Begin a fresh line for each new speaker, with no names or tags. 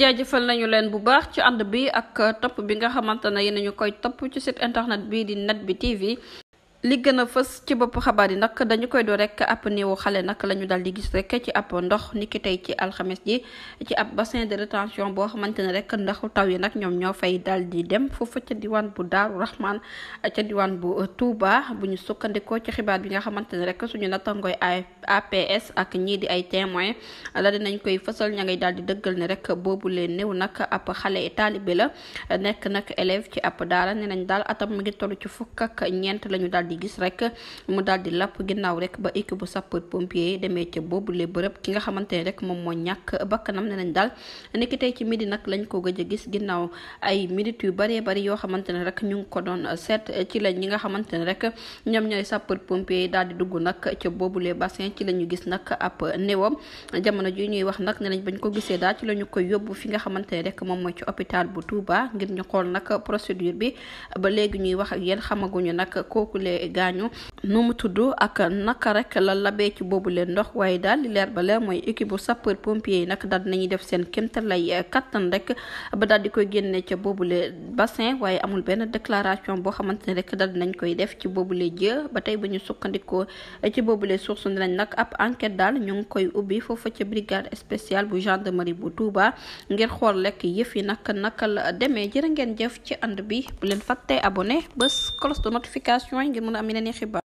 jaajëfal nañu leen bu baax ci ànd bi ak topp bi nga xamante ne yéen ñu koy topp ci site internet bi di net bi TV li gën a fës ci bopp xabaar yi nag dañu koy doo rek ab néewu xale nak la ñu daal di gis rek ci ab ndox niki tey ci alxames ji ci ab bassin de retention boo xamante ne rek ndaxu taw yi nag ñoom ñoo fay daal di dem foofu ca diwaan bu Daaru Rahman ca diwaan bu Touba bu ñu sukkandikoo ci xibaar bi nga xamante ne rek suñu nattangooy APS ak ñii di ay témoins la nañ koy fësal ña ngay daal di dëggal ne rek boobu leen néew nag ab xale taalibe la nekk nag élève ci app daara ne nañ daal atam mu ngi toll ci fukk ak ñeent la ñu daal di di gis rek mu daal di làpp ginnaaw rek ba équipe bu sapeur pompier demee ca boobu le bërëb ki nga xamante ne rek moom moo ñàkk bakkanam ne nañ daal ko gëj a gis ginnaaw ay minutes yu baree bari yoo xamante ne rek ñu ngi ko doon seet ci lañ ñi nga xamante ne rek ñoom dugg nag ca boobule bassin ci la ñu gis nag ab néewam jamono ji ñuy wax nag ne nañ bañ ko gisee daal ci la koy yóbbu fi nga xamante ne rek moom mooy ci hôpital bu Touba ngir ñu xool nag procédure bi ba léegi ñuy wax ak xamaguñu nag kooku lee jee gaañu nu mu tudd ak naka rek la labee ci boobu leen ndox waaye daal li leer ba leer mooy équipe bu sapper pompier yi nag daal def seen kéemtalaay kattan rek ba daal di koy génne ca boobule bassin waaye amul benn déclaration boo xamante ne rek daal dinañ koy def ci boobu boobule jë ba tey bu ñu sukkandikoo ci boobu boobule source nañ nag ab enquête daal ñoo ngi koy ubbi foofa ca brigade spéciale bu gendarmerie bu Touba ngir xool lekk yëf yi nag naka la demee jërë ngeen jëf ci ànd bi bu leen fàttee abonné bés cloche de notification yi mën a am yeneen i